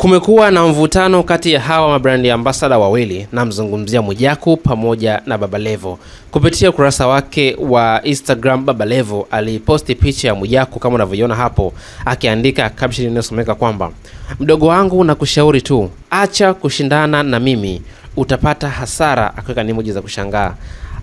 Kumekuwa na mvutano kati ya hawa mabrandi ambasada wawili, namzungumzia Mwijaku pamoja na Babalevo. Kupitia ukurasa wake wa Instagram, Babalevo aliposti picha ya Mwijaku kama unavyoiona hapo, akiandika caption inayosomeka kwamba mdogo wangu na kushauri tu, acha kushindana na mimi utapata hasara, akiweka emoji za kushangaa.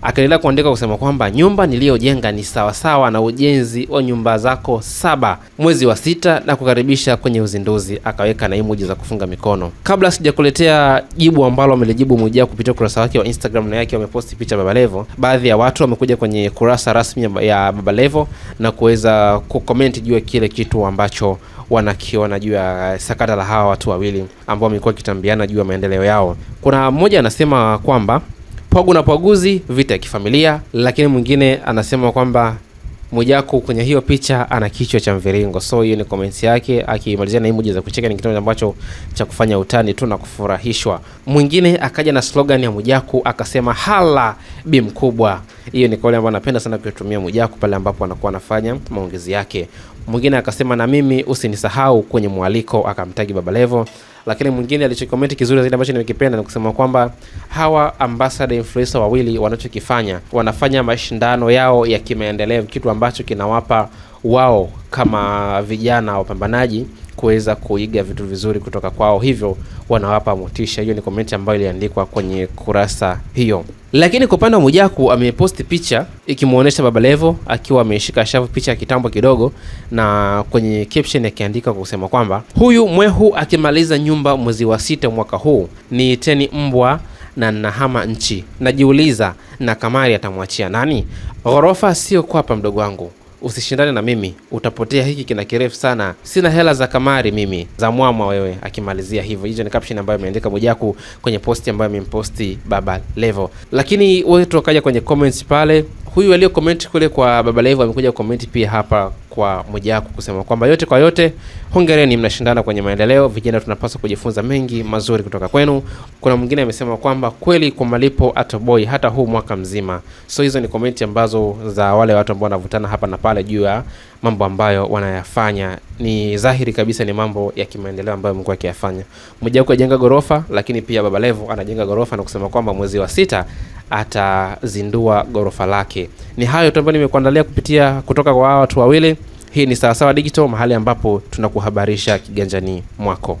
Akaendelea kuandika kusema kwamba nyumba niliyojenga ni sawasawa na ujenzi wa nyumba zako saba mwezi wa sita na kukaribisha kwenye uzinduzi. Akaweka na emoji za kufunga mikono. Kabla sijakuletea jibu ambalo amelijibu Mwijaku kupitia ukurasa wake wa Instagram na yake wameposti picha Babalevo, baadhi ya watu wamekuja kwenye kurasa rasmi ya Babalevo na kuweza kukomenti juu ya kile kitu ambacho wanakiona juu ya sakata la hawa watu wawili ambao wamekuwa wakitambiana juu ya maendeleo yao. Kuna mmoja anasema kwamba Pagu na Paguzi, vita ya kifamilia. Lakini mwingine anasema kwamba Mwijaku kwenye hiyo picha ana kichwa cha mviringo. So hiyo ni comments yake, akimalizia na emoji za kucheka. Ni kitu ambacho cha kufanya utani tu na kufurahishwa. Mwingine akaja na slogan ya Mwijaku akasema hala bi mkubwa. Hiyo ni kauli ambayo anapenda sana kuitumia Mwijaku pale ambapo anakuwa anafanya maongezi yake. Mwingine akasema na mimi usinisahau kwenye mwaliko, akamtagi Baba Levo. Lakini mwingine alichokomenti kizuri zaidi ambacho nimekipenda ni kusema kwamba hawa ambasada influencer wawili wanachokifanya, wanafanya mashindano yao ya kimaendeleo, kitu ambacho kinawapa wao kama vijana wapambanaji kuweza kuiga vitu vizuri kutoka kwao, hivyo wanawapa motisha. Hiyo ni komenti ambayo iliandikwa kwenye kurasa hiyo. Lakini kwa upande wa Mwijaku ameposti picha ikimwonyesha Baba Levo akiwa ameshika shavu, picha ya kitambo kidogo, na kwenye caption akiandika kwa kusema kwamba huyu mwehu akimaliza nyumba mwezi wa sita mwaka huu ni teni mbwa na nahama nchi. Najiuliza na kamari atamwachia nani ghorofa? Sio kwapa mdogo wangu usishindane na mimi, utapotea, hiki kina kirefu sana, sina hela za kamari mimi, za mwamwa wewe, akimalizia hivyo. Hiyo ni caption ambayo ameandika mojaku kwenye posti ambayo amemposti Baba Levo, lakini wetu wakaja kwenye comments pale. Huyu aliyo comment kule kwa Baba Levo amekuja comment pia hapa kwa Mwijaku kusema kwamba yote kwa yote, hongereni, mnashindana kwenye maendeleo. Vijana tunapaswa kujifunza mengi mazuri kutoka kwenu. Kuna mwingine amesema kwamba kweli kwa malipo atoboi hata huu mwaka mzima. So hizo ni komenti ambazo za wale watu ambao wanavutana hapa na pale juu ya mambo ambayo wanayafanya. Ni dhahiri kabisa ni mambo ya kimaendeleo ambayo amekuwa akiyafanya Mwijaku. Ajenga gorofa, lakini pia Baba Levo anajenga gorofa na kusema kwamba mwezi wa sita atazindua gorofa lake. Ni hayo tu ambayo nimekuandalia kupitia kutoka kwa watu wawili. Hii ni Sawasawa Digital, mahali ambapo tunakuhabarisha kiganjani mwako.